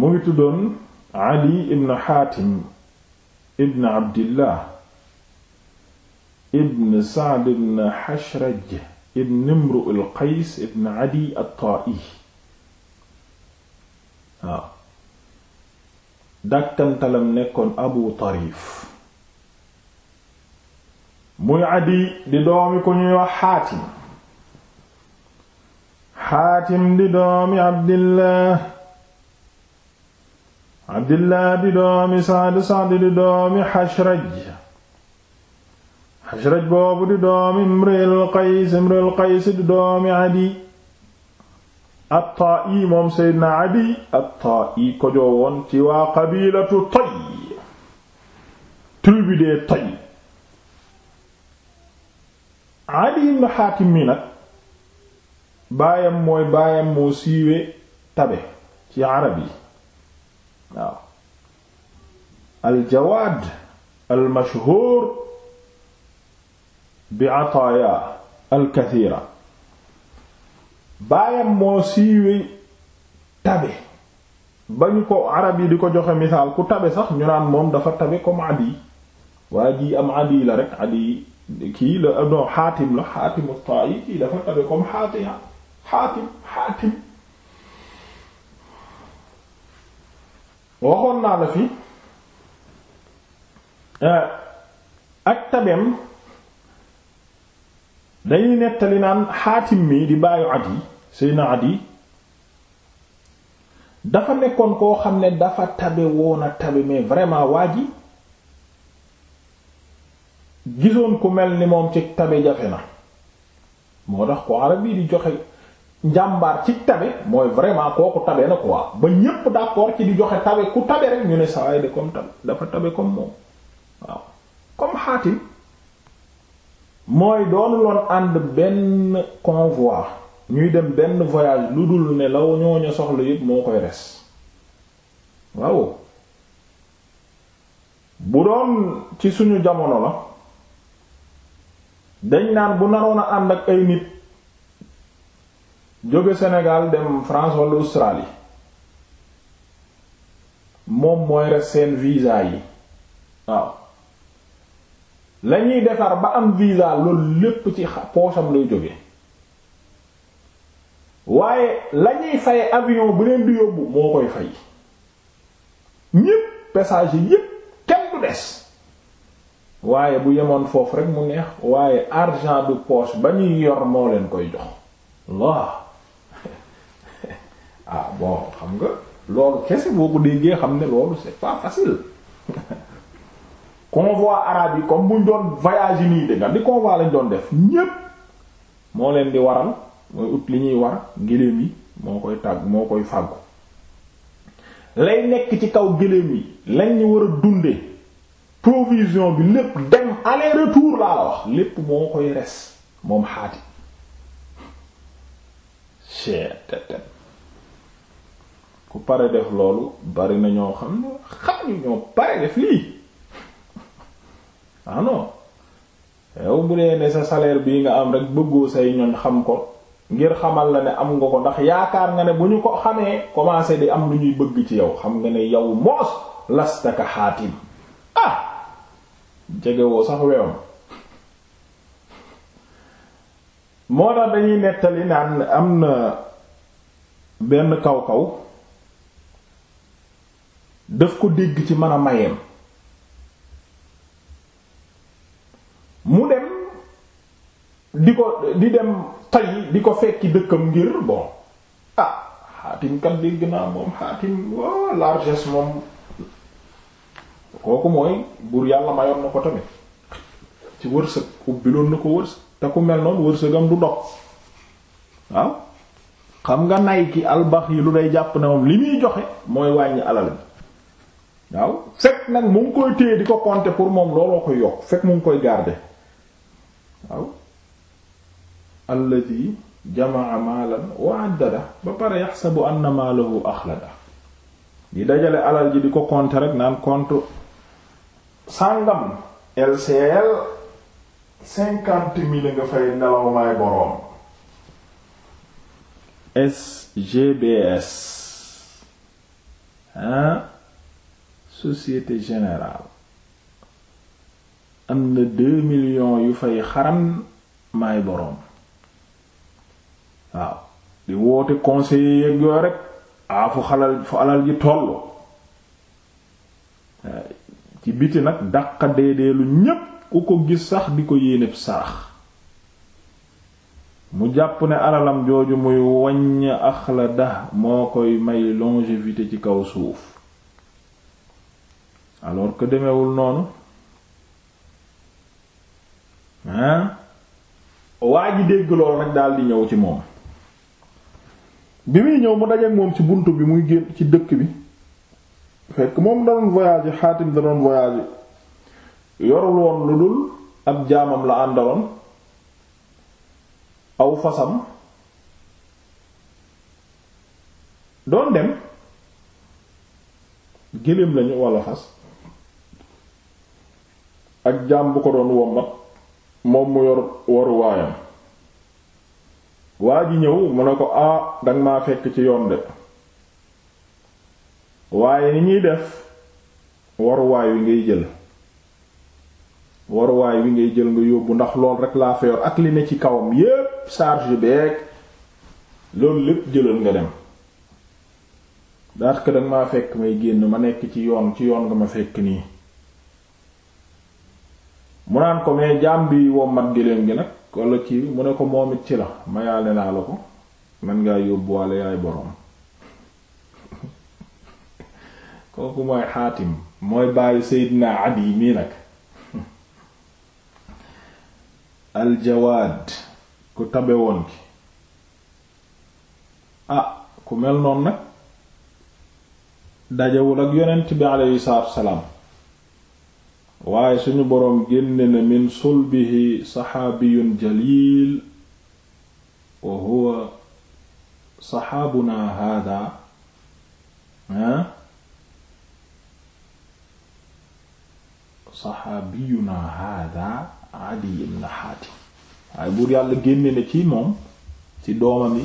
mu ngi tuddoon ali ibn xaatim ibn abdillah ibn saad ibn xashraj ibn imru al qays ibn adi at-ta'i waaw dàkkantalam nekkoon abu tarif muy adi di doomi ku ñuy wax xaatim di doomi abdillah abdillah di doomi saad di doomi xashraj xashraj boobu di doomi imril qays imril qays di doomi ci waa qabiilatu Tay tribu des Tay Adi ibn Haatim baayam mooy baayam moo siiwe tabe ci arab waaw aljawaad almashhuur bi ataaya alkathiira baayam moo siiwe tabe ba ko arab yi di ko joxe misaal ku tabe sax ñu naan moom dafa tabe comme adi waa am adi la rek adi kii la non xaatim la xaatim at-taa'i kii dafa tabe comme xaatim xaatim xaatim waxoon naa la fi euh, ak tabeem dañuy nettali naan xaatim mi di bàyyu at yi seyna at yi dafa nekkoon koo xam ne dafa tabe woon a tabe mais vraiment waa ji gisoon ku mel ni moom ci tabe jafe na moo tax ko arab yi di joxe njàmbaar ci tabe mooy vraiment kooku tabe na quoi ba ñépp d'accord ci di joxe tabe ku tabe rek ñu ne sawaay de comme tabe dafa tabe comme moom waaw comme xaatim mooy doonu loon ànd benn convoi ñuy dem benn voyage lu dul ne la ñooñu soxla yépp moo koy res waaw bu doon ci suñu jamono la dañ naan bu nanoon a ànd ak ay nit jóge Sénégal dem France wala Australie moom mooy rek seen visa yi waaw lañuy defar ba am visa loolu lépp ci poosam lay jóge waaye lañuy fay avion bu leen di yóbbu moo koy fay ñépp passagers yépp kenn du des waaye bu yemoon foofu rek mu neex waaye argent de poche ba ñuy yor moo leen koy jox ah bon xam nga loolu kese boo ko déggee xam ne loolu c'est pas facile convoi arabe yi comme buñ doon voyage nii de nga di convoi lañ doon def ñépp moo leen di waral mooy ut li ñuy war géléem yi moo koy tàgg moo koy fàggu lay nekk ci kaw géléem yi lañ ñu war a dunde provision bi lépp dem aller retour laa la wax lépp moo koy res moom xaati ku pare def loolu bari na ñoo xam ne xam ñu ñoo pare def lii ah yow bu dee ne sa salaire bii nga am rek bëggoo say ñoñ xam ko ngir xamal na ne am nga ko ndax yaakaar nga ne bu ñu ko xamee commencé di am lu ñuy bëgg ci yow xam nga ne yow moos lastaka xaatim ah jegewoo sax wewam moo tax dañuy nettali naan am na benn kaw kaw daf ko dégg ci mën a mayeem mu dem di ko di dem tay di ko fekki dëkkam ngir bon ah xaatim kat dégg naa moom xaatim waa largesse moom kooku mooy buur yàlla mayoon na ko tamit ci wërsëg ubbiloon na ko wërsëg te ku mel noonu wërsëgam du dox waaw xam nga nay ki albax yi lu day jàpp ne moom li muy joxe mooy wàññi alal bi waaw fekk nag mu ngi koy téye di ko compter pour moom looloo koy yokk fekk mu ngi koy garder waaw allati jamaa maalan wa addada ba pare yaxsabu anna maalahu axlada di dajale alal ji di ko compter rek naan compte sàngam LCL cinquante mille nga fay nelaw may boroom SGBS hein société générale am deux millions yu fay xaran maay boroom waaw di woote conseiller yeeg yooyu rek ah fu xalal fu alal ji tollu eh, ci biti nag dàqa deedeelu ñépp ku ko gis sax di ko yéeneb sarax mu jàpp ne alalam jooju muy wàññ axla da moo koy may longévité ci kaw suuf alors que demewul noonu ah waa ji dégg lool nag daal ñëw ci moom bi muy ñëw mu dajeek moom ci bunt bi muy génn ci dëkk bi fekk moom da doon voyage xaatim da doon voyage yorul lu dul ab jaamam la àndaloon aw fasam doon dem gëléem lañu walla fas ak jaam bu ko doon wommat moom mu yor waruwaayam waa ji ñëw mu ne ko a ah, danga maa fekk ci yoon de waaye ni ñuy def waruwaay wi ngay jël waruwaay wi ngay jël nga yóbbu ndax lool rek laa fa yor ak li ci kawam yépp charge beeg loolu lépp jëlal nga dem daat ko danga maa fekk may génn ma nekk ci yoon ci yoon nga ma fekk nii mu naan ko mais jaam bi wommat géléem gi nag walla kii mu ne ko moom it ci la mayaale naa la ko man ngaa yóbbuwaale yaay boroom kooku mooy xaatim mooy bàyyi Seydina Adi mii nag aljawaad ku tabe woon ki ah ku mel noonu nag dajewul ak yonent bi aleyhi salaatu wa salaam waaye suñu boroom génne na min sulbihi saxaabiyun jalil wa huwa saxaabunaa haadaa ah saxaabiyunaa haadaa Adiy ibn Haatim waaye buur yàlla génne na ci moom ci doomam yi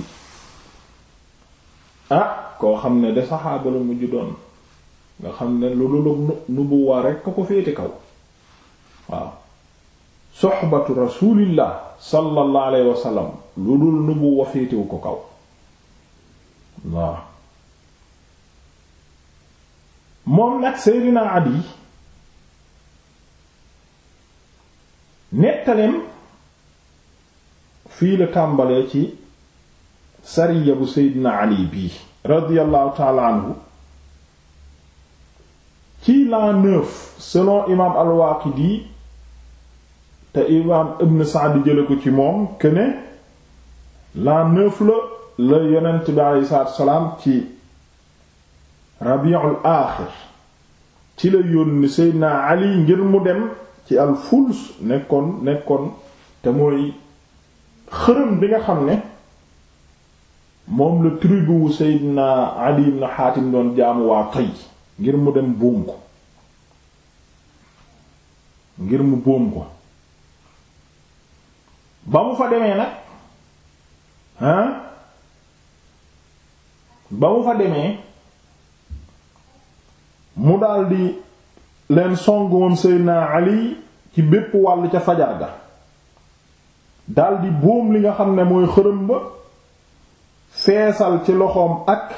ah koo xam ne de saxaaba la doon nga xam ne lu lu nubuwaa rekk ko féete kaw waaw soxbatu rasulillah sallallahu alayhi lu dul nubu wafeetewu ko kaw waaw moom nag Seydina Adi nettaleem fii la tàmbalee ci sariya bu Seydina Ali bii radiyallahu taala anhu ci l'an neuf selon imam al-Waqidi te imam ibn Sa'd jële ko ci moom que ne l'an neuf la yonent bi aleyhi salaatu ci rabiul aaxir ci la yónni Seydina Ali ngir mu dem ci al fuls nekkoon nekkoon te mooy xërëm bi nga xam ne moom la tribu wu Seydina Ali ibn Xaatim doon jaamu waa Tay ngir mu dem buum ko ngir mu buum ko ba mu fa demee nag ah ba mu fa demee mu daldi leen song moom Seydina Ali ci bépp wàll ca fajar ga daldi boom li nga xam ne mooy xërëm ba feesal ci loxoom ak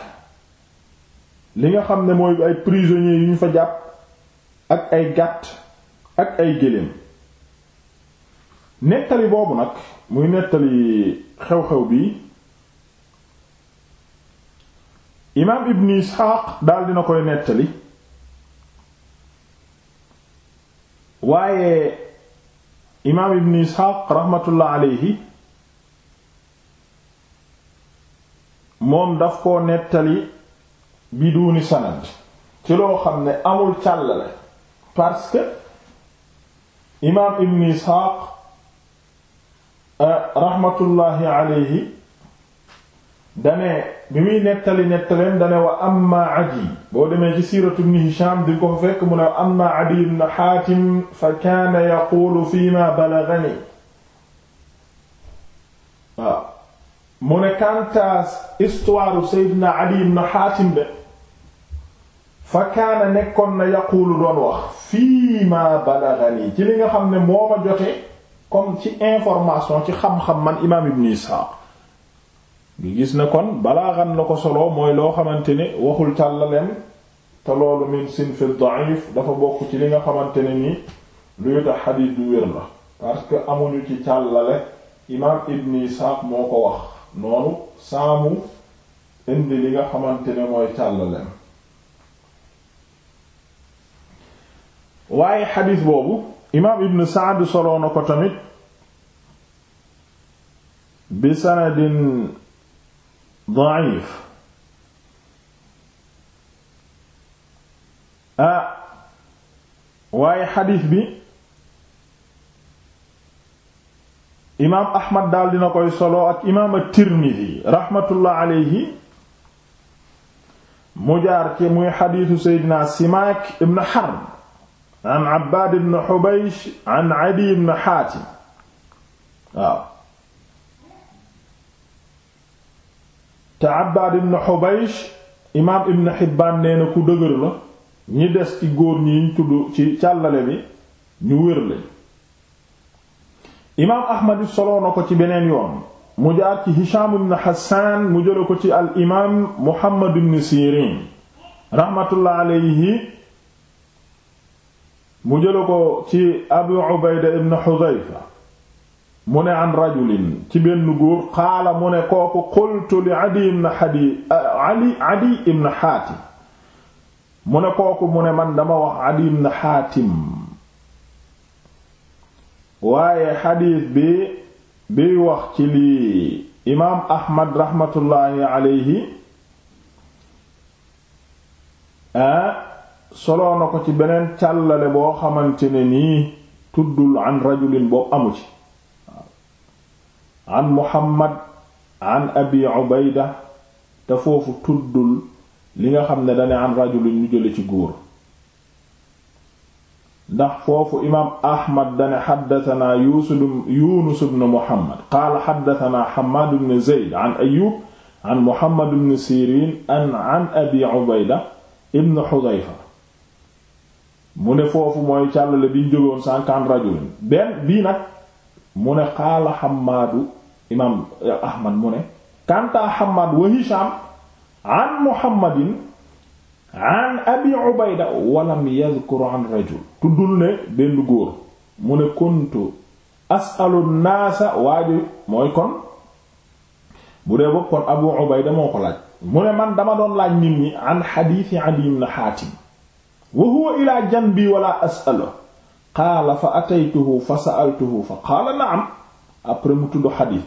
li nga xam ne mooy ay prisonniers yu ñu fa jàpp ak ay gàtt ak ay gëléem nettali boobu nag muy nettali xew-xew bi imaam ibn isxaaq daal dina koy nettali waaye imaam ibn isxaaq raxmatullah aleyhi moom daf koo nettali bi duuni sanad ci loo xam ne amul càllale parce imaam ibn isxaaq Euh, raxmatullaahi alayhi dane bi muy nettali nettaleem dane wa amma adi boo demee ci siiratu ibn hisham di ko fekk wa amma adi ibn xaatim fa kaana yaquulu fi ma balagani waaw mu ne adi ibn xaatim de fa kaana nekkoon na yaquulu doon wax fii ma ci li nga xam ne moo ma jotee comme ci information ci xam-xam man imaam ibn Ishaq ngi gis na kon balaa xan la ko solo mooy loo xamante ne waxul càllaleen te loolu min sinfi da'if dafa bokk ci li nga xamante ne ni luy tax xadiis du wér la parce que amuñu ci càllale imaam ibn Ishaq moo ko wax noonu saamu indi li nga xamante ne mooy càllaleen waaye xadiis boobu imaam ibn saad soloo na ko tamit bi sanadin daal dina koy solo ak imaam at-tirmidhi raxmatullah alayhi mu jaar ci muy xadiisu seydina simaak ibn harb an Abbaad ibn Hubaysh an Adi ibn Haatim waaw te Abbaad ibn Hubaysh imaam ibn Hibbaan nee na ku dëgër la ñi des ci góor ñi ñu tudd ci càllale bi ñu wér lañ imaam Ahmad soloo na ko ci beneen yoon mu jaar ci Hisham ibn Hassan mu jëla ko ci al imaam Muhammad ibn Sirin rahmatullah alayhi mu jëla ko ci abu ubayda ibn xudayfa mu ne an rajulin ci benn góor qaala mu ne kooku qultu li adi ibn hadi ali adi ibn xaatim mu ne kooku mu ne man dama wax adi ibn xaatim waaye xadiis bi biy wax ci lii imaam ahmad raxmatullaahi alayhi ah soloo na ko ci beneen càllale boo xamante ne nii tuddul an rajulin boobu amu ci an muhammad an abi ubayda te foofu tuddul li nga xam ne dane an rajulin ñu jële ci góor ndax foofu imaam ahmad dane xaddatanaa yuusubn yunus bnu muhammad qaala xaddatanaa xamaad bnu zeyd an ayub an muhammad bnu sirin an abi ubayda ibnu xudayfa mu ne foofu mooy càllale bi ñu jógoon cinquante rajulin benn bii nag mu ne xaala xamaadu imaam ahmad mu ne kantaa xamad wa hisham an muhammadin an abi ubayda walam yadhkur an rajul tuddul ne benn góor mu ne kuntu asalu naasa waajo mooy kon bu dee bopp kon ubayda moo ko laaj mu ne man dama doon laaj nit ñi an xadiisi adi ibn xaatim wa huwa jan bi wala as'alu qaala fa ataytuhu fa sa'altuhu fa na am après mu tudd xadiis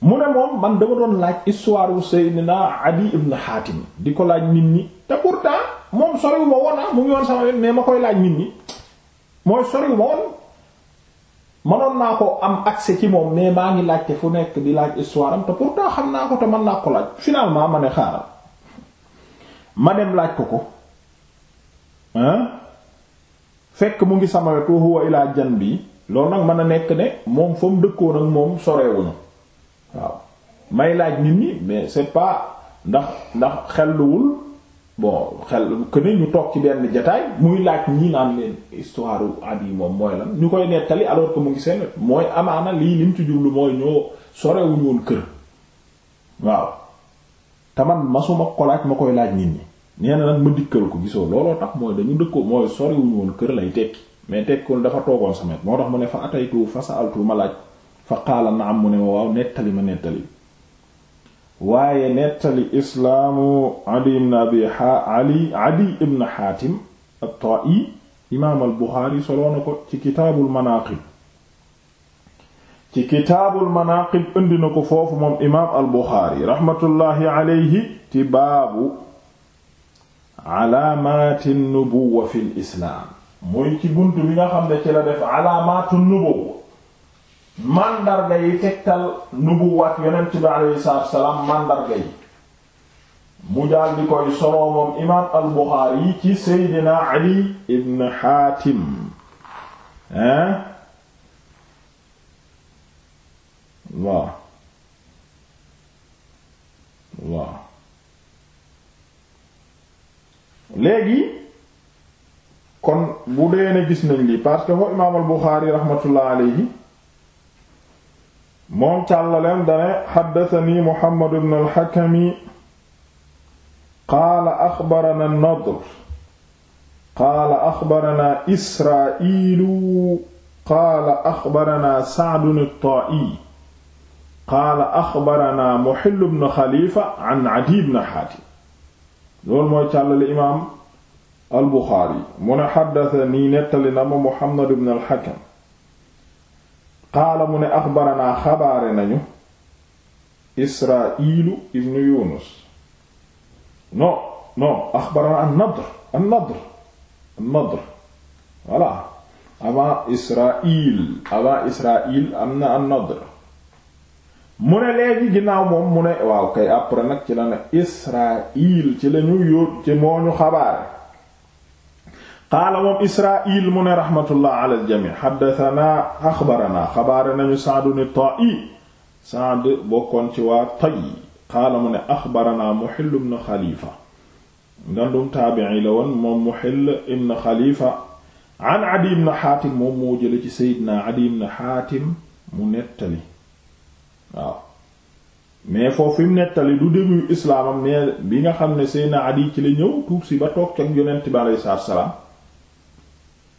mu ne moom man dama doon laaj histoire wu Seydina Adi ibn Hatim di ko laaj nit ñi te pour pourtant moom soriwu ma woon ah, mu ngi woon sama yoon mais ma koy laaj nit ñi mooy soriwu ma woon naa ko am accès ci moom mais maa ngi laajte fu nekk di laaj histoire am te pourtant xam naa ko te mën naa ko laaj finalement ma ne xaaral ma dem laaj ko ko fekk mu ngi sama wet wa huwa ilaa janbi loolu nag mën a nekk ne moom fa mu dëkkoon ak moom sorewuñu waaw laaj nit ñi mais c'est ndax ndax xelluwul bon xel que ne ñu toog ci benn jataay muy laaj ñii naan leen histoire ab moom mooy lan ñu koy mu ngi seen lii lim ci jublu mooy ñoo sorewuñu woon kër waaw te man masuma ko laaj ma koy laaj nit ñi nee na nag ma dikkal ko gisoo looloo tax mooy dañu dëkkoo mooy soriwuñu woon kër lay tekki mais tekkoon dafa toogoon samet moo tax mu ne fa ataytu fa sa'altu ma laaj fa qaala na'am mu ne ma waaw nettali ma nettali waaye nettali islaamu adi ibn abi ali adi ibn xaatim at-ta'i imaam al buxaari soloo ko ci kitaabul manaqib ci kitaabul manaqib indi na ko foofu moom imaam al buxaari raxmatullaahi alayhi ci baabu alaamaati nubuwa ci bunt bi nga xam ne ci la def alaamaatu nubuwa màndarga yi tegtal nubuwaat yonent bi aleyhi salaatu wassalaam màndarga yi mu daal di koy soloo moom al buxaari ci seydina ali ibn xaatim hein léegi kon bu dee ne gis nañ parce que foofu imaam al Buxaari raxmatullah alayhi moom càllaleen dane xaddatani Muhammad ibn al Hakami qaala axbarana an-Nadr qaala axbarana Israa'iilu qaala axbarana Sa'dun at-Taa'i qaala axbarana Muhill ibn Xalifa an Adiy ibn Haatim loolu mooy càllale imaam al buxaari mu ne xaddatanii nettali na ma muhammad ibn al hakam qaala mu ne axbaranaa xabaare nañu israa'ilu ibn yunus non non axbaranaa an-nadr an-nadr an-nadr voilà avant israil avant israil am na an-nadr mu ne léegi ginnaaw moom mu ne waaw kay après nag ci la ne Israaïl ci lañu yóot ci moo ñu xabaare qaala moom Israaïl mu ne raxmatullah ala aljami xaddatanaa xabaare nañu Saadu ni Ta'i Saad bokkoon ci waa Tayy qaala mu ne axbaranaa Muhill ibn Xalifa ngandum taabi'i la woon moom Muhill ibn Xalifa an Adi ibn Xaatim moom moo jële ci Seydina Adi ibn Xaatim mu nettali waaw mais foofu fi mu nettali du début islaamam mais bi nga xam ne Seydina Adi ci la ñëw tuub si ba toog ca yonent bi aleyhi salaam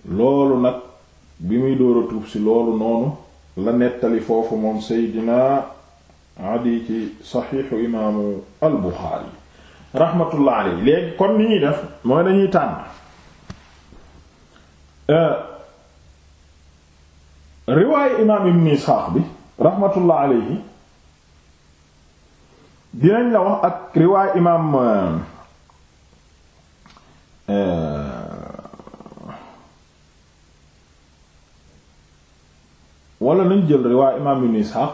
loolu nag bi muy door a tuub si loolu noonu la nettali foofu moom Seydina Adi ci saxiixu imaamu al Buxaari léegi kon ni ñuy def mooy dañuy tànn euh, riwaayu imaam Ibn Isxaaq bi. rahmatullah alayhi dinañ la wax ak riwaay imaam euh, euh, wala nañ jël riwaay imaam ibn Ishaq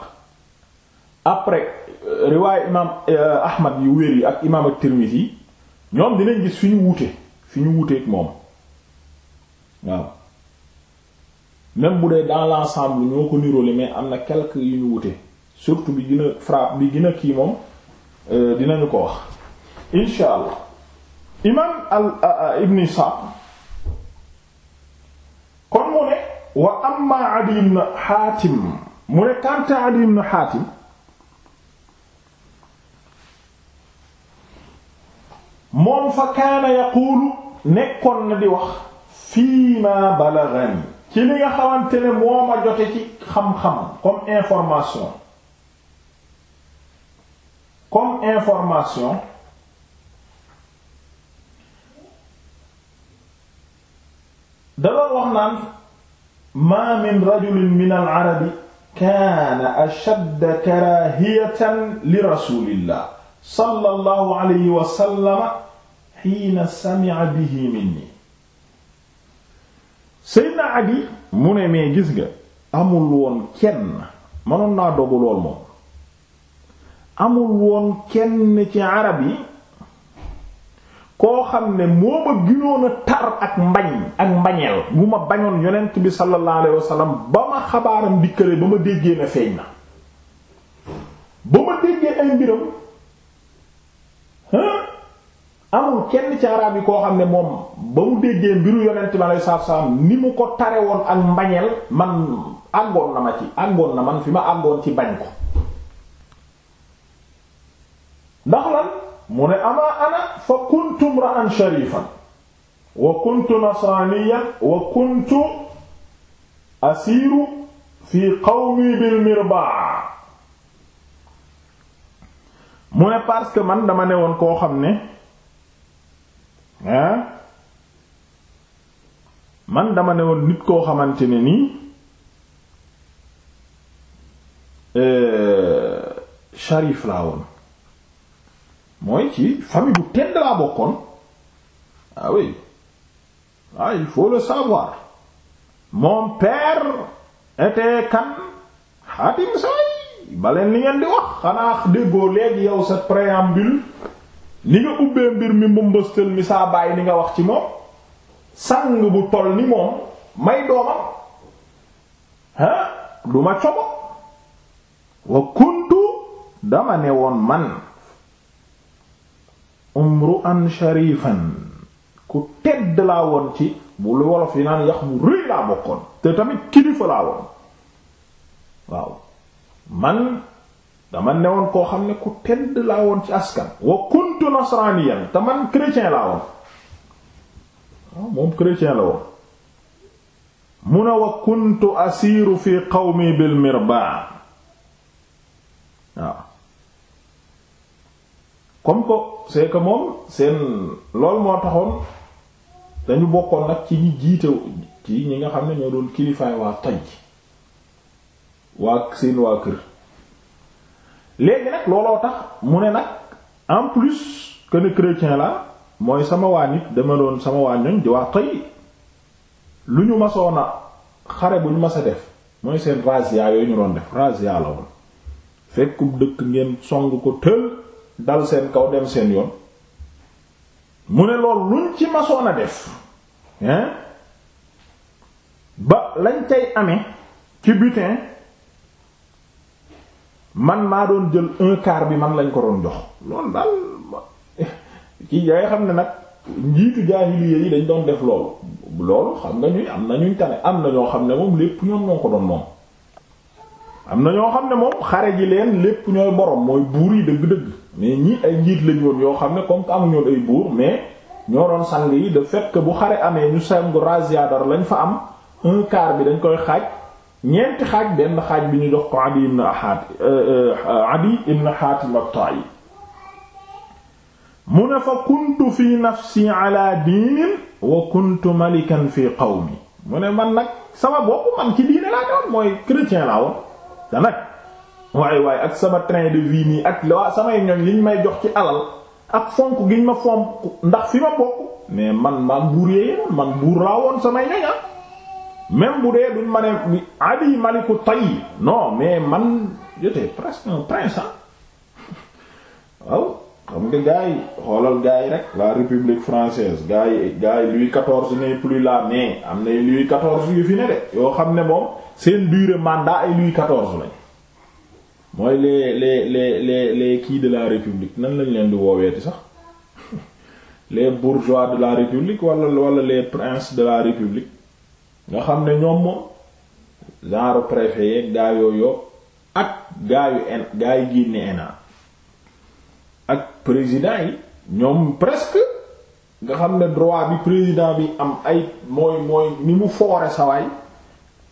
après euh, riwaay imaam Ahmad yu wér yi ak imaam at-Tirmidhi ñoom dinañ gis fi ñu wuute fi ñu wuuteeg moom waaw même bu dee dans l'ensemble ñoo ko niroole mais am na quelques yu ñu wute surtout bi gën a bi gën kii moom euh, dinañu ko wax insha allah imam al ibn Isxaaq kon mu ne wa amma Adiy ibn Xaatim mu ne kanta Adiy ibn Xaatim moom fa kaana yaquulu nekkoon na di wax fii ma balagani ci li nga xamante ne moo ma jote ci xam-xam comme information comme information daloon wax naan ma min rajulin min al arabi kaana ashadda karaahiyatan li rasulillah sallallahu alayhi wa sallama hiina sami'a bihi minni Seydina Adi mu ne mais gis nga amul woon kenn mënoon naa dogu lool moom amul woon kenn ci arab yi koo xam ne moo ma ginoon a tar ak mbañ ak mbañeel bu ma bañoon yonent bi sallallahu alayhi wasallam ba ma xabaaram dikkale ba ma déggee na feeñ na ba ma déggee ay mbiram amul kenn ci arab yi koo xam ne moom ba mu déggee mbiru yonent bi aleyhi salaatu salaam ni mu ko tare woon ak mbañeel man àggoon na ma ci àggoon na man fi ma àggoon ci bañ ko ndax lan mu ne amaa ana fa kuntu mra'an sharifan wa kuntu nasraniyan wa kuntu asiiru fi qawmi bil mirbaa mu ne parce que man dama ne woon koo xam ne ah man dama ne woon nit koo xamante ne nii euh, sharif laa woon mooy ci famille bu tedd laa bokkoon ah oui ah il faut savoir mon père était kan xaatim say baleen ni ngeen di wax xanaa déggoo léegi yow sa préambule ni nga ubbee mbir mi mbambastal mi saa bàyyi ni nga wax ci moom sang bu toll ni moom may doomam ah du cobo wa kuntu dama ne woon man umru an sharifan ku tedd laa woon ci bu lu wolof yi naan yax bu rëy laa bokkoon te tamit kilifa laa woon waaw man dama ne woon koo xam ne ku tedd laa woon ci askan wa kuntu kuntu nasraniyan te man chrétien laa woon waaw ah, moom chrétien la woon mu ne wa kuntu asiiru fi qawmi bil mirbaa waaw comme ko c'est que moom seen lool moo taxoon dañu bokkoon nag ci ñi jiite ci ñi nga xam ne ñoo doon kilifaay waa toj waa seen waa kër léegi nag looloo tax mu ne nag en plus que ne chrétien la mooy sama waa nit dama sama waa ñoñ di waa toy lu ñu masoon a xare bu ñu mas a def mooy seen razzia yooyu ñu doon def razzia la woon fekkum dëkk ngeen song ko tël dal seen kaw dem seen yoon mu ne lool luñ ci masoon def hein ba lañ tey amee ci butin man maa doon jël un quart bi man lañ ko doon jox loolu daal ci yaay xam ne nag njiitu jaahiliya yi dañ doon def loolu loolu xam nga ñuy am na ñu tane am na ñoo xam ne moom lépp ñoom ñoo ko doon moom am na ñoo xam ne moom xare ji leen lépp ñooy borom mooy buur yi dëgg-dëgg mais ñii ay njiit lañ woon yoo xam ne comme que amuñoon ay buur mais ñoo doon sang yi de fait bu xare amee ñu sang razzia dar lañ fa am un quart bi dañ koy xaaj ñeenti xaaj benn xaaj bi ñu jox ko Adi ibn Hatim euh, euh, Adi ibn mu ne fa kuntu fi nafsi ala diinin wa kuntu malikan fi qawmi mu ne man nag sama bopp man ci diine laa doon mooy chrétien laa woon nag waaye waaye ak sama train de vie nii ak la samay ñoñ liñ may jox ci alal ak fonk giñ ma fonk ndax fi ma bokk mais man man buur yee man buur laa woon samay ñoña ah. même bu dee duñ ma ne Ali maliku Tayyib non mais man j'étais presque un prince ah waaw xam nga gars yi xoolal gars yi rek la République française gars yi gars yi Louis quatorze n'est plus là mais am na Louis quatorze yu fi ne de yoo xam ne boo seen durée mandat ay Louis quatorze lañ mooy les les les les kii de la République nan lañ leen di wooweeti sax les bourgeois de la République wala wala les princes de la République nga xam ne ñoom moom genre préfet yeeg gaa yooyu ak gaa yu en gaa yu génne na ak président yi ñoom presque nga xam ne droit bi président bi am ay mooy mooy ni mu foore sawaay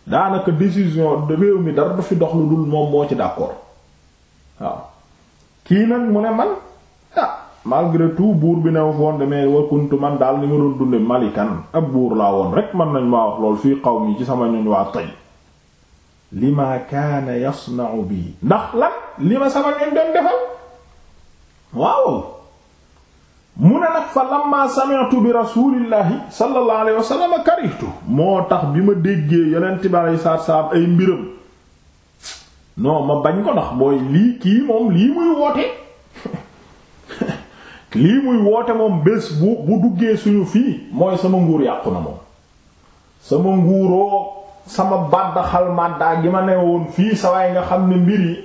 daanaka décision de réew mi dara du dox lu dul moom moo ci d'accord waaw kii nag mu ne man ah malgré buur bi new foon demee wa kuntu man daal ni ma doon dunde malikan ab buur laa woon rek mën nañ maa wax lool fii qawmi ci sama ñoñ waa tay li ma bi ndax lan li ma sama ñoñ doon defal waaw mu ne nag fa lamma sami'tu bi rasulillahi sallallahu alayhi wa moo tax bi ma déggee yonent bi alayhi salaatu salaam ay mbiram non ma bañ ko ndax mooy lii kii moom lii muy woote lii muy woote moom bés bu bu duggee suñu fii mooy sama nguur yàqu na moom sama nguuroo sama bàddaxal màddaa gi ma ne woon fii sawaay nga xam ne mbir yi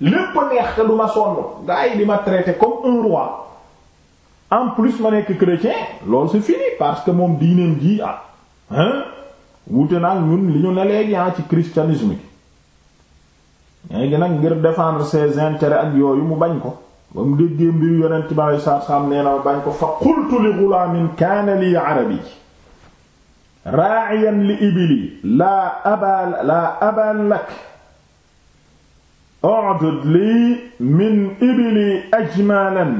lépp neex te du ma sonn gaa yi di ma traité comme un roi en plus ma nekk chrétien loolu c'est fini parce que moom diineem ji ah hein wuute nag ñun li ñu ne léegi ah ci christianisme gi ñaagi nag ngir défendre ses intérêts ak yooyu mu bañ ko ba mu déggee mbir yonent bi alei saatu salaam nee na ma bañ ko fa qultu li gulaamin kaana lii arabi raa'iyan li ibili laa aba laa aban lak odud lii min ibili ajmalan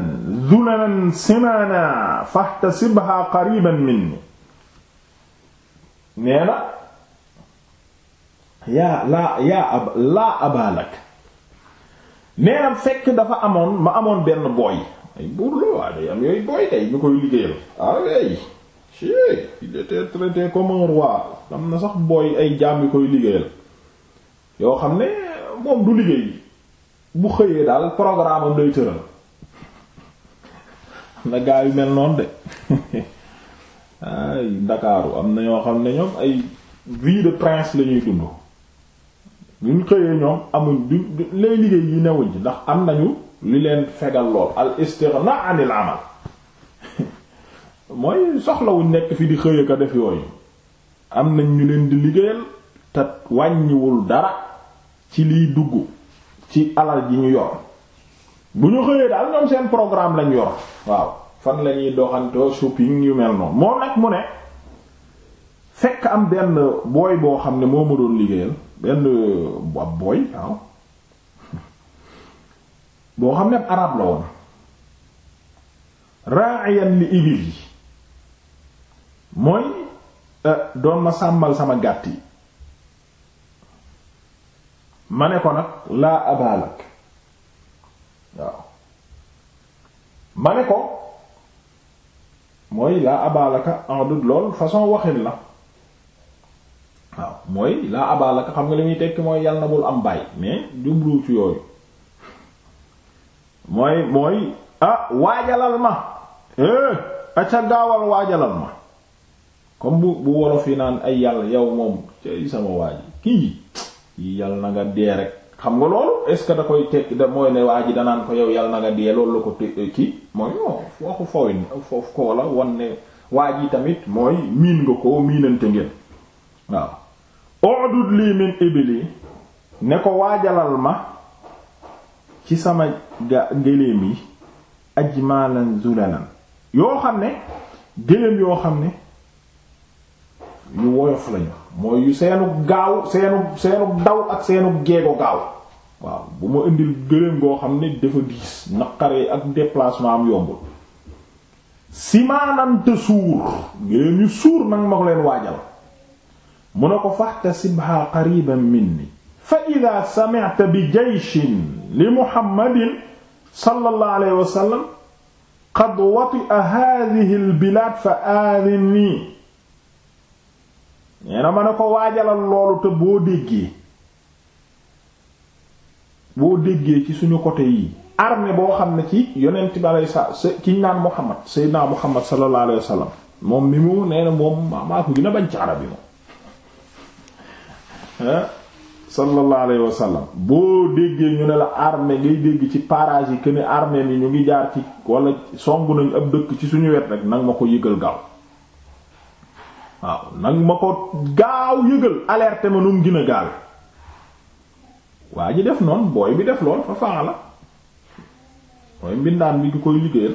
zulalan simaana fahtasibha qariban minni nee na yaa laa yaa ab laa aba lak neenam fekk dafa amoon ma amoon benn booy ay buur la waa day am yooyu booy day ñu koy liggéeyal ah oui il était traité comme roi am na sax booy ay jaam yu koy liggéeyal yoo xam ne moom du liggéey bu xëyee daal programme am lay tëral na gaa yu mel noonu de ay Ndakaaru am na ñoo xam ne ñoom ay vie de prince lañuy ñuy dund. duñ xëyee ñoom amuñ duñ lay liggéey yi newuñ ndax am nañu li leen fegal lool al istighna anil amal mooy soxlawuñ nekk fi di xëyee ka def yooyu am nañ ñu leen di liggéeyal te wàññiwul dara ci liy dugg ci alal ji ñu yor bu ñu xëyee daal ñoom seen programme lañu yor waaw fan lañuy ñuy doxantoo shopping yu mel noonu moom nag mu ne fekk am benn booy boo xam ne moo ma doon liggéeyal benn ab boo xam ne arab la woon ra'iyan li ibil yi mooy eh, doon ma sàmmal sama gàtt yi ma ne ko nag laa abalak waaw ma ne ko mooy laa abalaka en tout lool façon waxin la mooy laa abalaka xam nga li muy tekki mooy yàlla na am baay mais jublu mooy mooy ah waajalal eh, bu bu wolof naan ay yàlla yow moom ci sama waaj kii yi yàlla na nga dee rek xam nga loolu est ce que da koy tekki da mooy ne waa ji danaan ko yow yàlla na nga dee loolu la ko eh, kii mooy non waxu fawin foofu koo la wan ne waa ji tamit mooy miin nga ko miinante ngeen waaw udud lii min ibli ne ko waajalal ma ci sama ga géléem yi ajmalan zulalan yoo xam ne géléem yoo xam ne yu woyof lañu mooy yu seenu gaaw seenu seenu daw ak seenu geego gaaw waaw bu ma indil gëléem goo xam ne dafa diis naqare ak déplacement am yombul simaanante suur géléem yu suur nag ma ko leen waajal mu ne ko fahtasibha qariban mi fa ida sami'ta bi jayshin li muhammadin sallallahu alayhi wa sallam qad wati'a hadhihi albilaad fa aadinni nee na ma ne ko waajalal loolu te boo déggee boo déggee ci suñu côté yi armée boo xam ne ci yonent bi alay sa kiñ naan muhammad seydinaa muhammad sallallahu alayhi wa moom mi mu nee na moom maa ko gën a bañ ci arab yi moom sallallahu alayhi wa sallam boo déggee ñu ne la armée ngay dégg ci parages yi que ne armée ñu ngi jaar ci wala song nañ ab dëkk ci suñu wet rek nag ma ko yëgal gaaw waaw nag ma ko gaaw yëgal alerte ma nu mu gën a gaawe waa ji def noonu booy bi def lool fa faa la mooy mbindaan bi ki koy liggéeyal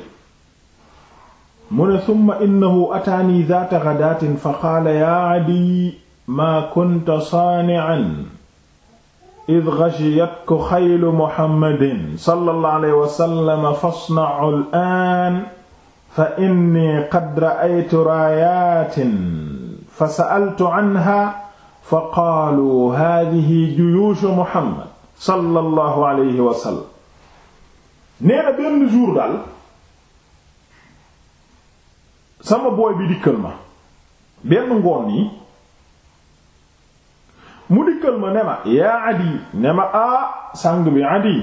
mu ne summa innahu ataani zaata ghadatin fa qaala yaa maa kunta saani'an id ghashiyatku xaylu muhammadin sallallahu alayhi wa sallam fasna'u al'aan fa inni qad ra'aytu raayaatin fa sa'altu anhaa fa qaalu haadihi juyuushu muhammad sallallahu alayhi wa sallam nee na benn jour daal sama booy bi dikkal ma benn ngoon yi mu dikkal ma ne ma yaa adi ne ma aa ah, sang bi adi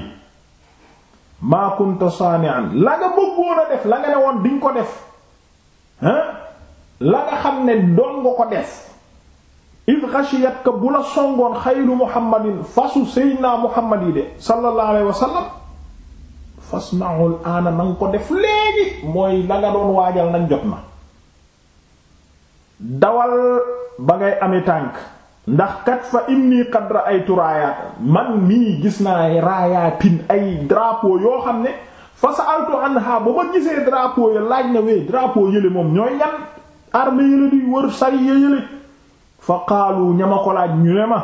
maa kunta saani'an la nga bëggoon a def la nga ne woon ko def hein la nga xam ne doon nga ko def id ghashiyat ka bu la songoon xaylu muhammadin fasu sayyidina muhammad yi de sallallahu alayhi wa sallam fasna'ul aana na nga ko def léegi mooy la nga doon waajal nag jot na dawal ba ngay ami tànk ndax kat fa inni qad ra'aytu raayaat man mii gis naa raayaatin ay drapeau yoo xam ne fa sa'altu anha ba ma gisee drapeau ya laaj na wee drapeau yële moom ñooy yan armée yële di wër sari ya yële fa qaalu ña ma ñu ne ma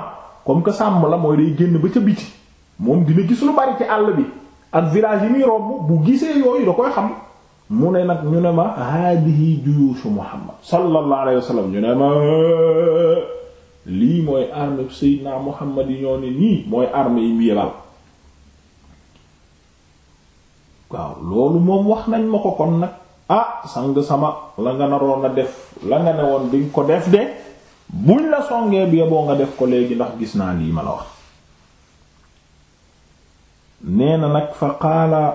comme que sàmm la mooy day génn ba ca biti moom dina gis lu bari ci àll bi ak village yi muy romb bu gisee yooyu da koy xam mu nag ñu ne ma haadihi juyuushu muhammad sallallahu alayhi wasallam ñu ma lii mooy armée Seydina Muhammad yi nii mooy armée yi mu waaw loolu moom wax nañ ma ko kon nag ah sang sama la nga naroon a def la nga ne woon duñ ko def de buñ la songee bi yeboo nga def ko léegi ndax gis naa lii ma la wax nee na nag fa qaala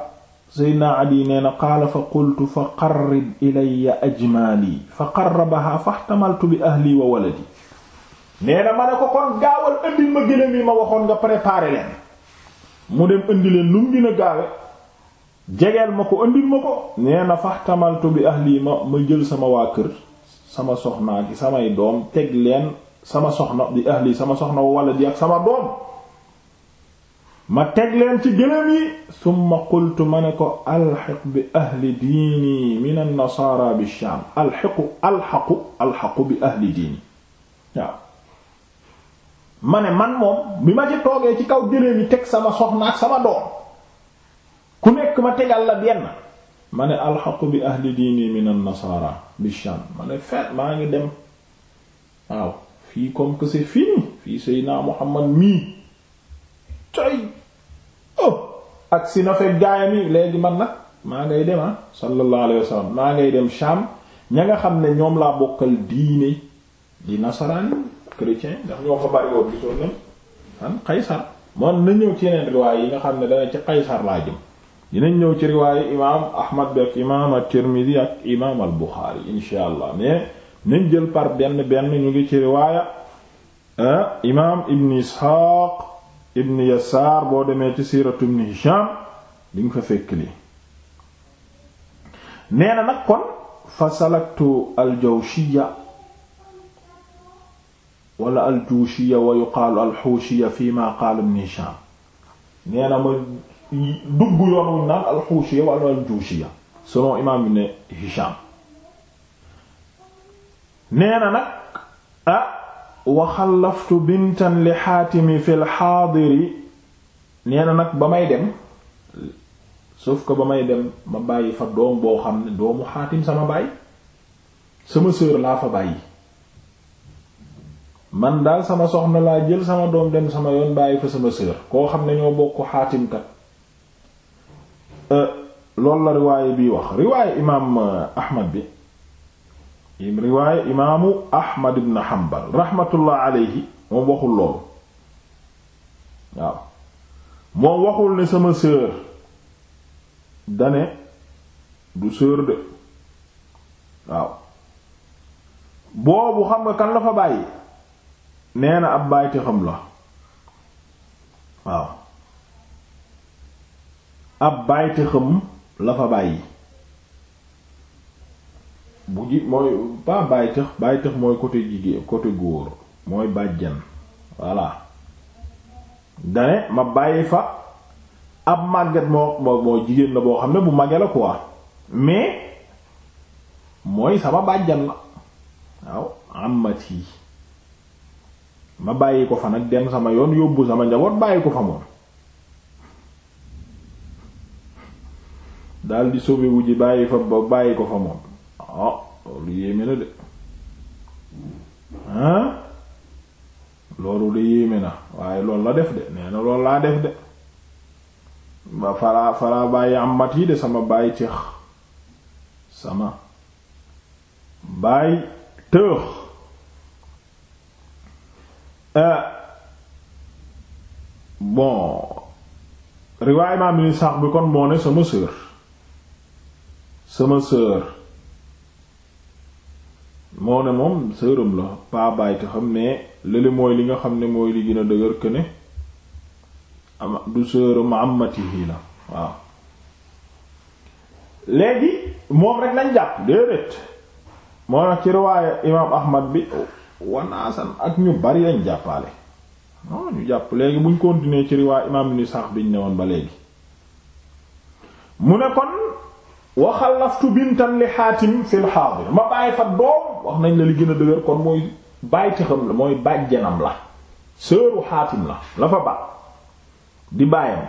Seydina Adi nee na qaala fa qultu fa qarrib ilayya ajmaali fa qarrabaha fa ihtamaltu bi ahli wa waladi nee ma ne ko kon gaawal andil ma gëléem yi ma waxoon nga préparer leen mu dem indi leen lu mu gën gaawe jegeel ma ko andil ma ko nee na faxtamaltu bi ahli ma ma jël sama waa kër sama soxnaa gi samay doom teg leen sama soxna bi ahli sama soxna walla di ak sama doom ma teg leen ci gëléem yi summa qultu ma ne ko alxiq bi ahli diini min an bi shaam alxiqu alxaqu alxaqu bi ahli diini waaw ma ne man moom bi ma ci toogee ci kaw gëléem yi teg sama soxna ak sama doom ku nekk ma tegal la benn ma ne alxaqu bi ahli diini min an nasara bi sham ma ne fet maa ngi dem waaw fii comme que c'est fii fii Seydina Muhammad mii coy oh ak si na fekk gaayam yi léegi man nag maa ngay dem ah sallallahu alayhi wasallam maa ngay dem sham ña nga xam ne ñoom laa bokkal diine di nasaraan chrétien ndax ñoo fa bari woon gisoon nañ an Qaysar moom na ñëw ci yeneen riwaay yi nga xam ne dana ci Qaysar laa jëm dinañ ñëw ci riwaayu imaam Ahmad beek imaam ak imaam al-Bukhari benn benn ñu ngi ci riwaaya ah, imaam Ibn Ishaq Ibn Yasaar boo demee ci siiratu Ibn Hisham di fa fekk li nee nag kon fa salaktu wala aljuushia wa yuqaalu alxuushia fi ma qaala ibn Hishaam nee na ma dugg yoonu naan alxuushia wala aljuushia selon imaam ibn Hishaam nee na nag ah wa xallaftu bintan li xaatimi fi lxaadiri nee na nag ba may dem sauf que ba may dem ma bàyyi fa doom boo xam ne doomu xaatim sama bàyyi sama sœur laa fa bàyyi man daal sama soxna laa jël sama doom dem sama yoon bàyyi fa sama sœur koo xam ne ñoo bokk xaatimkat euh, loolu la riwaaye bii wax riwaaye imaam euh, ahmad bi riwaaye imaamu ahmad ibn hanbal rahmatullah alayhi moom waxul loolu waaw moom waxul ne sama sœur dane du sœur de waaw boobu xam nga kan la fa bàyyi nee ab bàyti xam la waaw ab bàyti xam la fa bàyyi bu ji mooy pas bàytëx bàytëx mooy côté jigéen côté góor mooy bàjjan voilà dane ma bàyyi fa ab màgget moo moo jigéen la boo xam ne bu màgge la quoi mais mooy sama bàjjan la waaw amati ma bàyyi ko fa nag dem sama yoon yóbbu sama njaboot bàyyi ko fa moom dal di sobe ji bàyyi fa ba bàyyi ko fa moom ah loolu yéeme na de hein loolu de yéeme na waaye lool la def de nee na laa def de faraa faraa bàyyi amat yi de sama bàyyi teex sama bàyyi tëx Euh, bon riwaay imaam ibn Isaaq bi kon moo ne sama sœur sama sœur moo ne moom sœuram la paa baay te xam ne lële li nga xam ne mooy li gën a dëgër këne ama du sœuram amatihi la waaw léegi moom rek lañ jàpp déedéet moo tax ci riwaaya imaam Ahmad bi wanaasan ak ñu bari lañ jàppale non ñu jàpp léegi buñ continuer ci riwaa imaam ibn Isaaq biñ ne woon ba léegi mu ne kon waxalaftu bintan li xaatim fil xaadir ma bàyyi fa doom wax nañ la li gën a dëgër kon mooy bàyyi xam la mooy bàjjanam la seeru xaatim la la fa ba di bàyyam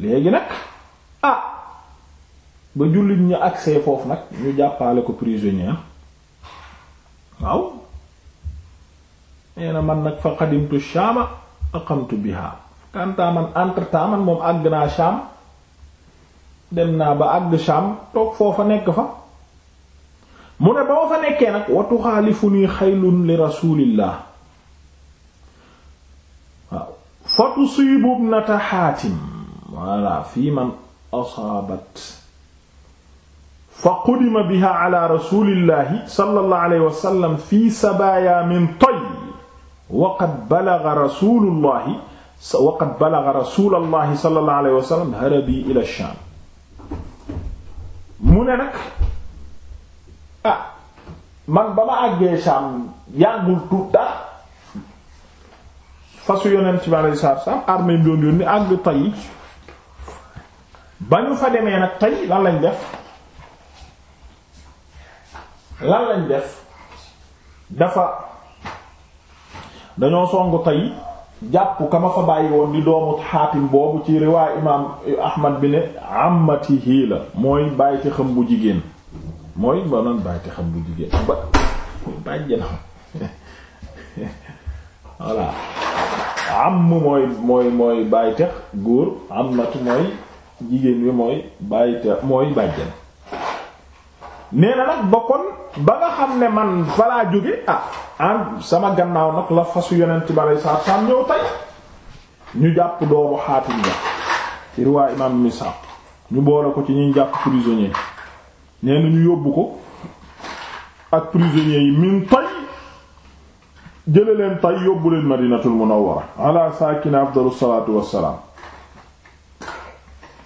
léegi nag ah ba jullit ñu agsee foofu nag ñu jàppale ko prisonnier waaw nee na man nag fa qadimtu Shama biha kantaa entre temps moom àgg naa Sham dem naa ba àgg Sham toog foofa nekk fa mu ne ba ma fa nekkee nag wa tuxaalifuni xaylun li rasulillah waaw fa tusiibu ibnata Xaatim wala fii man asaabat fa qudima biha ala rasulillahi sallallahu alayhi wa sallam fi sabaaya min toy waqad balaga rasulullahi waqad balaga rasulallahi sallallahu alayhi wa sallam harabi ila Shaam mu ne nag ah man ba ma àggee Shaam yàggul tuut dara fasu yonent bi alayhi salaatu salaam armée doon yónni àgg Tay ba ñu fa demee nag Tay lan lañ def lan lañ def dafa dañoo songu tay jàpp kama fa bàyyi woon di doomu xaatim boobu ci riwaay imaam ahmad bi ne amatihi la mooy bàyyi ci xam bu jigéen mooy ba bàyyi ci xam bu jigéen ba bàjjanam voilà am mooy mooy mooy bàyyi tex góor am mooy jigéen wi mooy bàyyi tex mooy bàjjan nee na nag ba ba nga xam ne man falaa jóge ah en ah, sama gannaaw nag la fasu yonent bi aleyhi salaatu salaam ñëw tey ñu jàpp doomu xaatim ga ci riwaa imam misa ñu boole ko ci ñuy jàpp prisonnier nee na ñu yóbbu ko ak prisonnier yi min tay jële leen tay yóbbu leen madinatul munawwara ala saakina afdalu salaatu wassalaam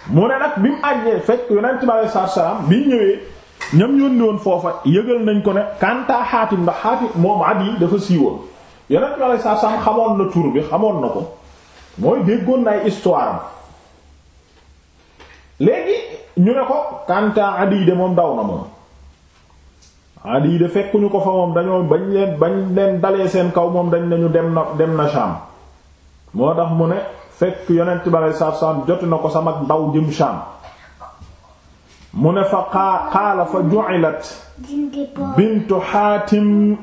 mu ne nag bi mu àjjee fekk yonent bi aleyhi bi ñëwee ñam yónni woon foofa yëgal nañ ko ne kantaa xaatim ndax moom at yi dafa siiwoon yonent bi alayhi salaam xamoon na tur bi xamoon na ko mooy déggoon na ay histoire am léegi ñu ne ko kantaa at de moom daw na moom at de fekkuñu ko fa moom dañoo bañ leen bañ leen dalee seen kaw moom dañ nañu dem na dem na Sham moo tax mu ne fekk yonent bi alayhi salaam joti na ko samag ndaw jëm Sham mu ne fa qaala fa ju'ilat bintu xaatim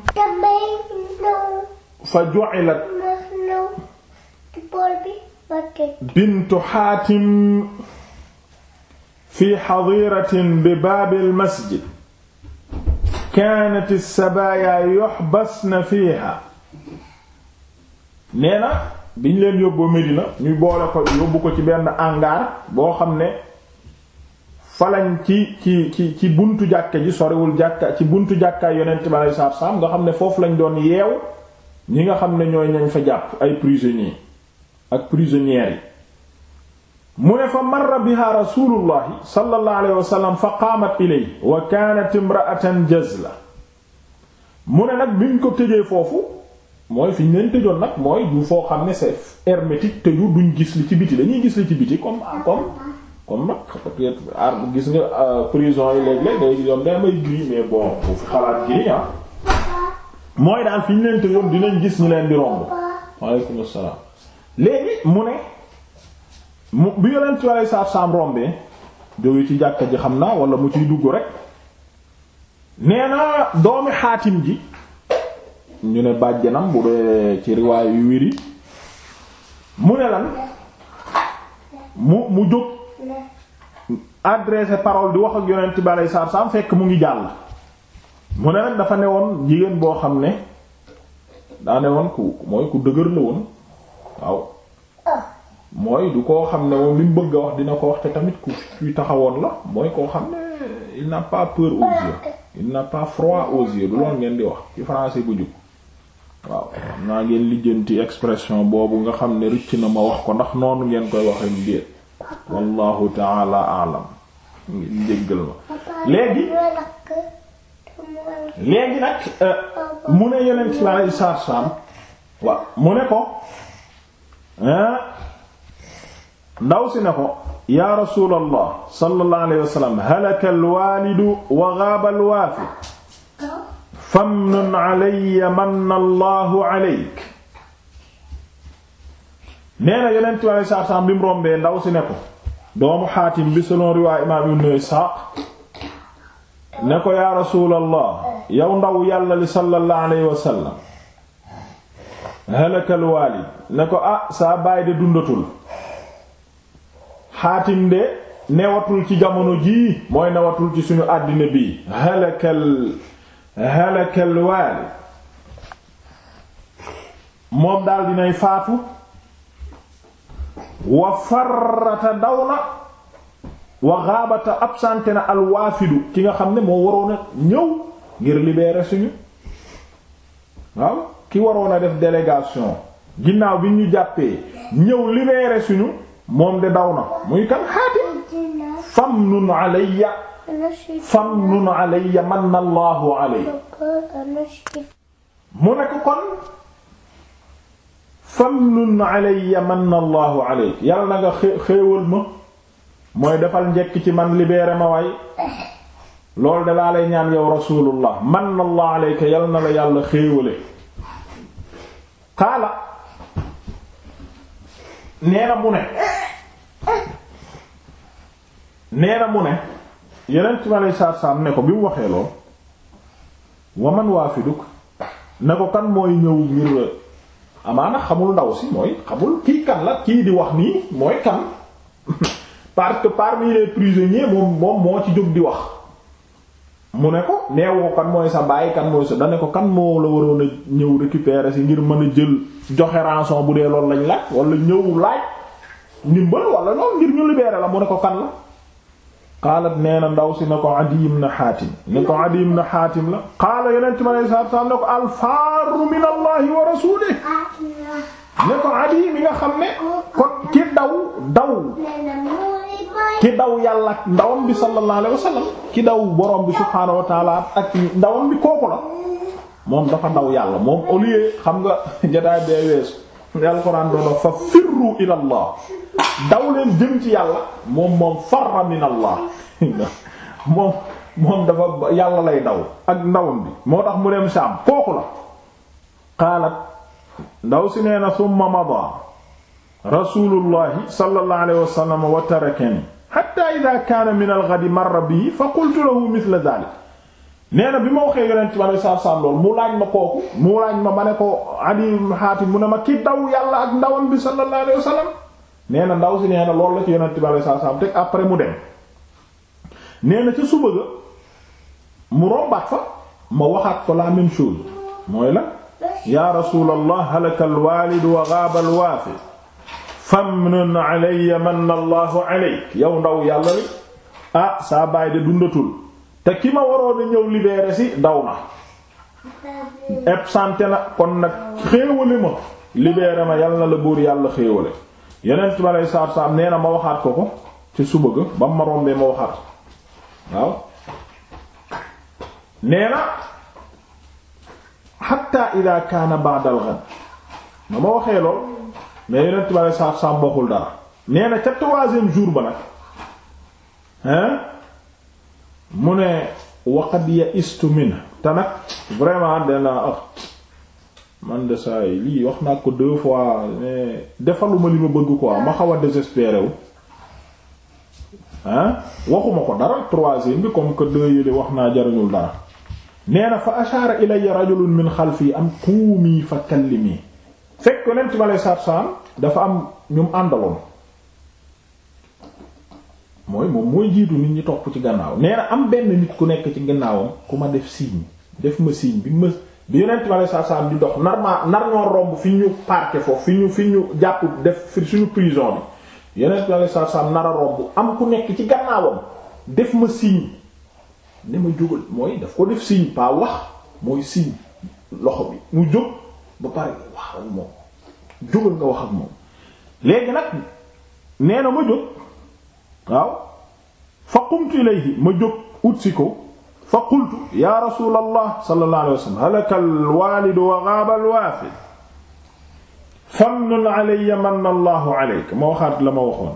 fa ju'ilat bintu xaatim fi xadiiratin bi baabil masjid kaanat as-sabaaya yuhbasna fiihaa nee na biñ leen yóbbu Medina ñu boole ko yóbbu ko ci benn angaar boo xam ne falañ ci ci ci ci buntu jàkka ji sorewul jàkka ci buntu jàkkaay yonent bi alei satu salaam nga xam ne foofu lañ doon yeew ñi nga xam ne ñooy ñañ fa jàpp ay prisonniers ak prisonnières yi mu ne fa marra biha rasulullahi sallallahu alayhi wa sallam fa qaamat ilay wa kanat imra'atan jazla mu ne nag biñ ko tëjee foofu mooy fi ñu leen tëjoon nag mooy du foo xam ne c'est hermétique tëju duñ gis li ci biti dañuy gis li ci biti comme comme ko nag peut-être gis nga euh, prison yi léeg-léeg day gis yoon day may gris mais fi xalaat gris ah. mooy daal fi ñu leen tëjoon dinañ gis ñu leen di romb. waaleykum salaam. léegi mu ne mu bi nga leen tëjee saabsaam rombee jóge ci jàkka ji xam naa wala mu ciy dugg rek nee na doomi xaatim ji. ñu ne bàjjanam bu dee ci riwaay yu wiri mu ne lan mu mu jóg. adressé parole di wax ak yonent bi aleyhi salaatu salaam fekk mu ngi jàll mu ne nag dafa ne woon jigéen boo xam ne daa ne woon ku mooy ku dëgër la woon waaw mooy du koo xam ne moom li mu bëgg a wax dina ko wax te tamit ku taxawoon la mooy koo xam ne il n'a pas peur il n'a froid aux yeux du loolu ngeen di wax ci français bu jub waaw naa ngeen lijjanti expression boobu nga xam ne rëcc na ma wax ko ndax noonu ngeen koy waxee biir wallahu taala alam njéggal ma léegi léegi nag euh, mu ne yonent la lay saar saam waaw mu ne ko ndaw si ne ko yaa rasuulallah sallallahu alayhi wasallam halaka alwaalidu wa ghaaba alwaafid famnun alayya manna allahu alayk nee na yonent bi saa bi mu rombee ndaw si ne ko doomu xaatim bi selon riwaay imaam ibnu Isxaaq ne ko yaa rasuulallah yow ndaw yàlla li sallallahu alayhi wa ne ko ah saa baay de dundatul xaatim de newatul ci jamono jii mooy newatul ci suñu àddina bii halakal moom daal dinay faatu wa farrata daw na wa xaabata absenté na alwaafidu ki nga xam ne moo waroon ñëw ngir libérer suñu waaw ki waroon a def délégation ginnaaw bi ñu jàppee ñëw libérer suñu moom de daw na muy kan Xaatim fam nun alayya fam nun alayya manna Allahu alayhi mu nekk kon famnun alayya manna allahu alayk yàlla na nga xéewal ma mooy defal njekk ci man libéré ma waay loolu de laa lay ñaan yow rasulullah manna allahu alayka yàlla na la yàlla xéewale xaala nee na mu ne nee na mu ne yeneen ci ma lay saar saam ne ko bi mu waxee lool waman waafiduk ne ko kan mooy ñëw ngir amaana xamul ndaw si mooy xamul kii kan la kii di wax nii mooy kan parce que parmi les prisonniers moom moom moo ci jóg di wax mu ne ko neewu kan mooy sa bàyyi kan mooy sa dane ko kan moo la waroon a ñëw récupérer si ngir mën a jël joxe rançon bu dee loolu lañ laaj wala ñëw laaj ndimbal wala loolu ngir ñu libérer la mu ne ko kan la qaalat nee na ndaw si ne ko Adiy ibn Haatim ne ko Adiy ibn Haatim la qaala yonent salaam ne ko alfaaru min allahi wa ne ko Adiy mi nga xam ne ki daw daw ki daw yàlla ak ndawam bi sallallahu alayhi wa sallam bi subhaanahu moom dafa daw yàlla moom au xam nga jotaay bee weesu alxuraan doon fa firru ila allah daw leen jëm ci yàlla moom moom farra min allah moom moom dafa yàlla lay daw ak ndawam bi moo tax mu dem saam kooku la qaalat ndaw si nee na summa mada rasulullahi sallallahu alayhi wa sallam wa tarakani hatta idha kaana min al-ghadi marra bihi fa qultu lahu mithla dhalik nee bi ma waxee yonent bi alayhi salaatu salaam lool mu laaj ma kooku mu laaj ma ma ne ko adi xaatim mu ne ma ki daw yàlla ak ndawam bi sallallahu alayhi wa sallam nee ndaw si nee na loolu la ci yonent bi après mu dem nee ca suba ga mu rombaat fa ma waxaat ko la même mooy la ya rasulallah halaka alwalidu wa ghaaba alwaafid famnun alayya manna allahu alayk yow ndaw yàlla li ah saa baay de dundatul te ki ma waroon a ñëw libéré si daw na absenté na kon nag xéewale ma libéré ma yàlla na la buur yàlla xéewale yeneen ci balay saab saab nee na ma waxaat ko ko ci suba ga ba mu ma rombee ma waxaat waaw nee na hatta ida kaana ba'dal ghad ma ma waxee lool mais yeneen ci balay saab saab bokkul dara nee ca troisième jour ba nag hein mu ne waqad ya istu min te nag vraiment dana man de saa yi lii wax naa ko deux fois mais defaluma li ma bëgg quoi ma xaw a désespéré waxuma ko dara troisième bi comme que deux yële wax naa jariñul dara nee na fa ashara ilayya rajulun xal fii am quumi fa kallimi fekk yonent bi alei satu salaam dafa am ñum àndaloon mooy moom mooy jiitu nit ñi topp ci gannaaw nee am benn nit ku nekk ci gannaawam ku ma def signe def ma signe bi ma bi yonent bi alayhi salaam dox nar maa nar ñoo romb fi ñu parqué foofu fi ñu fi ñu jàpp def fi suñu prison bi yonent bi alayhi salaam nar a romb am ku nekk ci gannaawam def ma signe ne ma jógal mooy daf ko def signe pas wax mooy signe loxo bi mu jóg ba pare wax ak moom jógal nga wax ak moom léegi nag nee na ma jóg waaw fa qumtu ilayhi ma jóg ut si ko fa qultu ya rasul allah sallallahu alayhi wa sallam halaka alwalidu wa ghaaba alwaafid famnun alayya manna allahu alayka ma waxaat la ma waxoon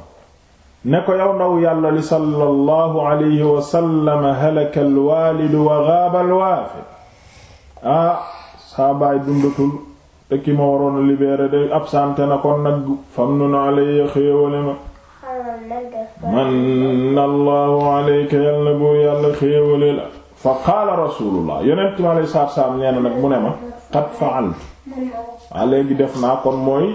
ne ko yow ndaw yàlla li sallallahu alayhi wa sallam halaka alwaalidu wa ghaaba alwaafid ah saa baay dundatul te ki ma waroon a libéré day absenté na kon nag famnun alayya xéewale ma manna allahu alayka yàlla boo yàlla xéewale la fa qaala rasulullah yonent mi alayhi salaatu salaam nee na nag mu ne ma qad fa'altu waaw léegi def naa kon mooy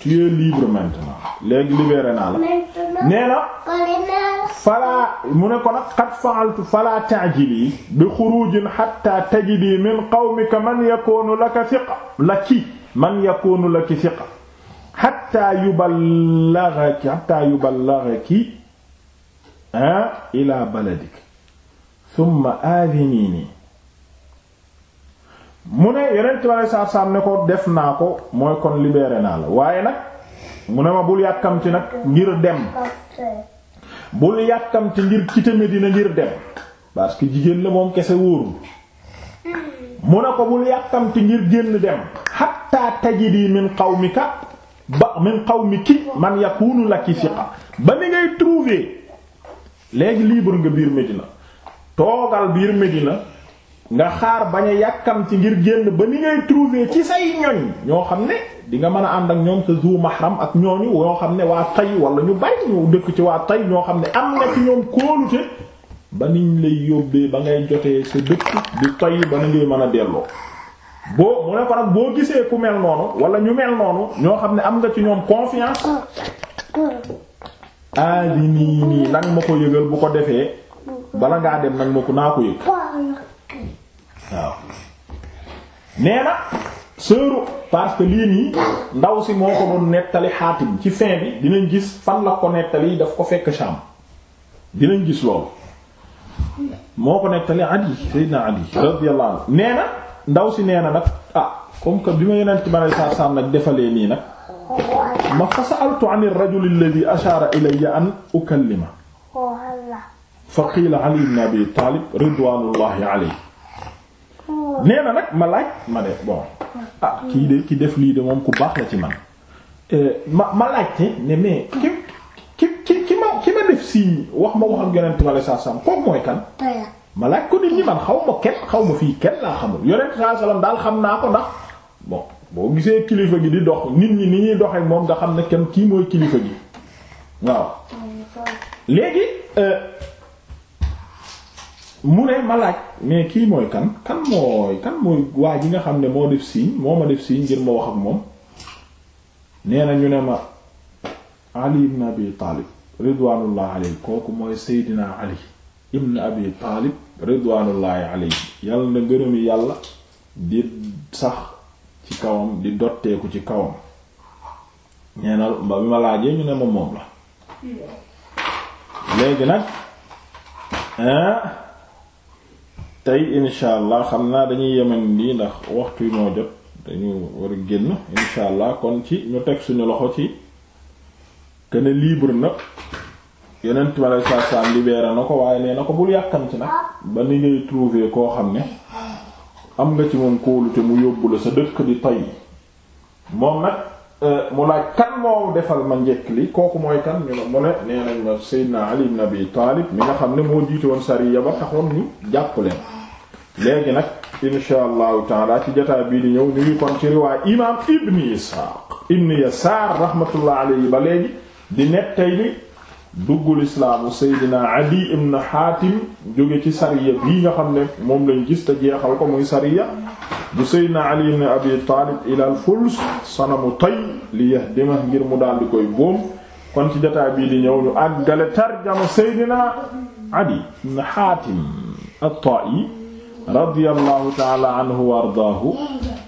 tu es libre maintenant léegi libéré naa la nee na falaa mu ne ko nag qad fa'altu falaa ta'jili bi xurujin hatta tajidi min qawmika man yakunu laka thiqa laki man yakunu laki thiqa hatta yuballaghaki hatta yuballaghaki ah, ila baladik summa aadinii mu ne yeneen tubaab yi saaf saaf ne ko def naa ko mooy kon libéré naa la waaye nag mu ne ma bul yàkkamti nag ngir dem bul yàkkamti ngir quitter Medina ngir dem parce jigéen la moom kese wóorul mu ne ko bul yàkkamti ngir génn dem hatta tajidi min mi ba min qawmiki man yakunu laki siqa ba ni ngay trouver léegi libre nga biir Medina. toogal biir Medina nga xaar bañ a yàkkam ci ngir génn ba ni ngay trouver ci say ñoñ ñoo xam ne di nga mën a ànd ak ñoom sa zu mahram ak ñooñu ñoo xam ne waa tay wala ñu bari ñu dëkk ci waa tay ñoo xam ne am na ci ñoom kóolute ba niñ lay yóbbee ba ngay jotee sa dëkk di tay ba na ngay mën a delloo boo mu ne ko nag boo gisee ku mel noonu wala ñu mel noonu ñoo xam ne am nga ci ñoom confiance aadi nii nii nag ma ko yëgal bu ko defee bala ngaa dem nag ma ko naa ko yëg waaw nee na seeru parce que lii nii ndaw si moo ko doon nettali xaatim ci fin bi dinañ gis fan la ko nettali daf ko fekk Sham dinañ gis loolu moo ko nettali Adi Seydina Adi radiyallahu anhu nee na ndaw si nee na nag ah comme que bi ma yonent bi alei satu salaam nag defalee nii nag ma fa sa'altu 'ani ar-rajul alladhi ashara ilayya an ukallima fa qiila ali ibn abi taalib ridwaanullahi alayhi oh. nee nag ma laaj ma def bon ah. ah kii de ki def lii de moom ku baax la ci man eh, ma ma laajte ne mais ki ki ki ki ma ki ma def si wax ma wax ak yonent ma la saam kooku mooy kan ah, ma laaj ko nit ñi man xaw ma kenn xaw ma fii kenn laa xamul yonent saa salaam daal xam naa ko ndax bon boo gisee kilifa gi di dox nit ñi ni ñuy doxee moom nga xam ne kenn kii mooy kilifa gi waaw oh léegi euh, mu ne ma laaj mais kii mooy kan kan mooy kan mooy waa ji nga xam ne moo def signe moo ma def signe ngir ma wax ak moom nee na ñu ne ma Ali ibn Abi Taalib ridwaanullah kooku mooy Seydina Ali ibn Abi Taalib ridwaanullahi alayhi yàlla na ngërëmi yàlla di sax ci kawam di dotteeku ci kawam nee na ba bi ñu ne ma moom la léegi nag tey incha allah xam naa dañuy yemen lii ndax waxtu yi moo jot dañu war génn incha allah kon ci ñu teg suñu loxo ci kenn libre na yeneen tubaab saa saa libéré na ko waaye nee na ko bul yàkkamti nag ba liggéey ngay trouver koo xam ne am nga ci moom kóolute mu yóbbu la sa dëkk di tay moom nag Euh, mu laaj kan moo defal ma njëkk li kooku mooy kan ñu ne mu ne nee nañ ma Seydina Ali ibn Abi Taalib mi nga xam ne moo jiite woon sariya ba taxoon ñu jàpp leen léegi nag insha allahu taala ci jotaay bii di ñëw ñu ngi kon ci riwaay imaam Ibn Isxaaq Ibn Yasaar rahmatullah ba léegi di nettali duggul islaamu seydina adi ibn xaatim jóge ci sariya bii nga xam ne moom lañ gis te jeexal ko muy sariya bu seydina ali ibn abi taalib ilal fuls sanamu tay li yahdima ngir mu daal di koy boom kon ci jotaay bii di ñëw ñu àggale tarjama seydina adi ibn xaatim at-ta'i radiyallahu ta'ala anhu wa ardaahu